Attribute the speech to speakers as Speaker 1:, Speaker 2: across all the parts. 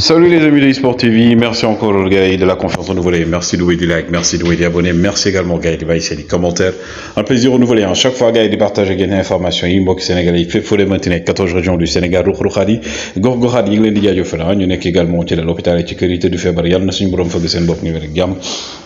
Speaker 1: Salut les amis de eSport TV, merci encore au gars de la confiance renouvelée, merci de du like, merci de des abonnés, merci également au gars de baisser les commentaires. Un plaisir renouvelé, à hein. chaque fois gars de partager des informations, inbox sénégalais, fait fouler maintenir 14 régions du Sénégal, Roukhroukhadi, Gorgokhadi, il est déjà fait hein. là, nous sommes également à l'hôpital de sécurité du février, nous sommes brom fait de Saint-Bob, nous sommes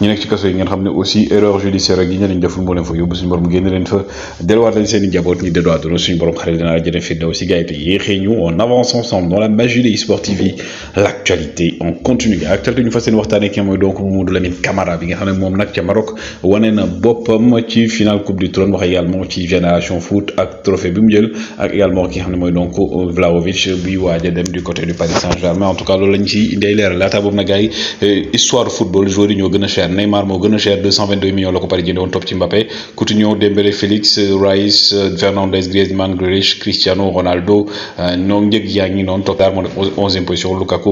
Speaker 1: nous sommes cassés, nous sommes aussi erreur judiciaire, nous sommes fait mouler, nous sommes brom gagner l'info, dès lors nous sommes diabot, nous sommes nous sommes brom khalil, nous sommes fait aussi gars de yéhénou, on avance ensemble dans la magie de eSport TV l'actualité en on continue actualité ñu fassene waxtane waxtaanee ki mooy donc Mamadou Lamine Camara bi nga xam mom nak ci Maroc wane na bopam ci final coupe du trône wax également ci génération foot ak trophée bi mu jël ak également ki nga moy donc euh, Vlahovic bi waaj dem du côté du Paris Saint-Germain en tout cas loolu lañ ci day leeral la boobu na gars euh, histoire football joueur yi ñoo gën cher Neymar mo gëna cher 222 millions la ko Paris jënde woon ci Mbappé Coutinho Dembélé Félix Rice euh, Fernandes Griezmann Grealish Cristiano Ronaldo ñoom njëg yaangi non noonu total moo def onzième position Lukaku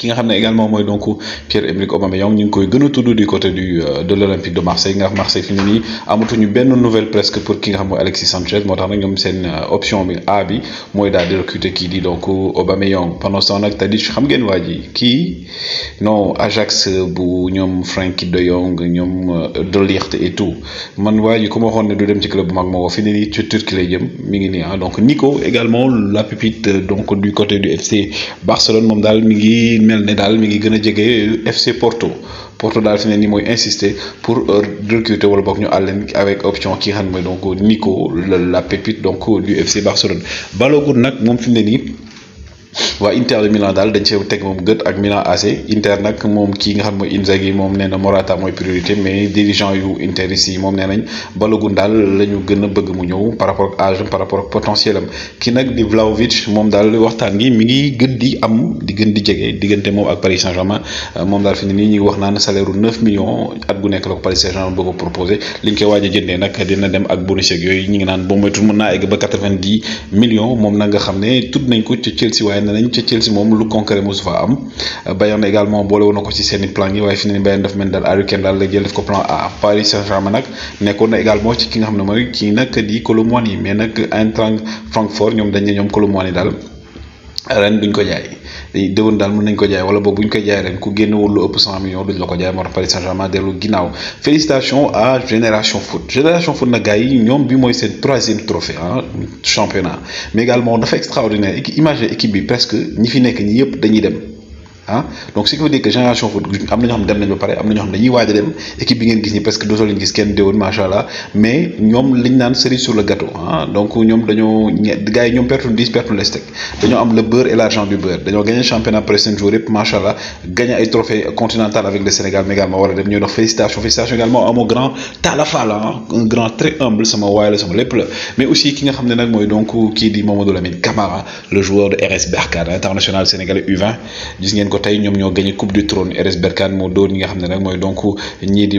Speaker 1: ki nga xam également moy donc Pierre-Emerick Aubameyang ñing koy gëna tuddu di du côté du euh, de l'Olympique de Marseille nga Marseille fini ni nii amatuñu ben nouvelle presque pour ki nga xam Alexis Sanchez motax nak ñom sen euh, option bi A bi moy daal di recruter ki di donc Aubameyang pendant ce temps nag Tadic xam ngeen waa ji non Ajax bu ñom Frenkie de Jong ñom euh, De Ligt et tout man waji ji ku ma waxoon ne du dem ci club bu mag moo ko fi ci Turquie lay jëm mi ngi ah. donc Nico également la pépite donc du côté du FC Barcelone mom dal mi ngi mel ne daal mi ngi gën FC Porto Porto dal fi ni moy insister pour euh, recruter wala bok ñu allen avec option qui nga xam donc Nico la pépite donc du FC Barcelone Balogun nak mom fi ni waa Inter de Milan daal dañ see teg moom gët ak Milan AC Inter moom kii nga xam mooy Inzaghi mu ñëw par rapport ak âge par rapport ak potentiel waxtaan gi mi ngi gën di am di gën di diggante moom ak Paris Saint-Germain moom wax a proposé li ñu koy waaj a jëndee nag dina ñu ngi naan boo moytu mën naa egg ba 90 millions moom nag nga xam ne tudd nañ ko ci Chelsea waaye bayan nañ ci chelsea mom lu concret mu fa am euh, bayan également bolé wona ko ci seni plan yi way fini bayan daf mel dal ari ken dal jël def ko plan a paris saint germain nak nekko na également ci ki nga xamne moy ki nak di colomoni mais nak eintracht frankfurt ñom dañ ñom colomoni dal ren buñ ko jaay déwén dal mën nañ ko jaay wala bok buñ ko jaay ren ku génnewul lu ëpp 100 millions duñ la ko jaay moo Paris Saint-Germain delu ginnaw félicitations à Génération Foot Génération Foot na gaay ñom bi moy sen 3e trophée hein championnat mais également dafa extraordinaire image équipe bi presque ñi fi nekk ñi yépp dañuy dem. Hein. donc ce qui veut dire que génération foot am na ñoo xam dem nañu ba paré am na ñoo xam dañuy waaj dem équipe bi ngeen gis ni parce que dootoo gis kenn déwoon macha allah mais ñom liñ nane cerise sur le gâteau ah donc ñom dañoo gaay ñom yi ñoom pertuñ diis pertuñ les teg dañoo am le beurre et l'argent du beurre dañoo gagné championnat après jours jour yëpp macha allah gagné ay trophée continental avec le Sénégal mais également war a dem ñu dox félicitations félicitations également à mon grand Talla hein. un grand très humble sama waay sama lepp la mais aussi ki nga xamné nak moy qui donc ki di Mamadou Lamine Camara le joueur de RS Berkane international sénégalais U20 gis ngeen tey ñoom ñoo gagné coupe du trône RS Berkane moo doon ñi nga xam ne nag mooy donc ñii di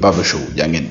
Speaker 1: Baba Show jaa ngeen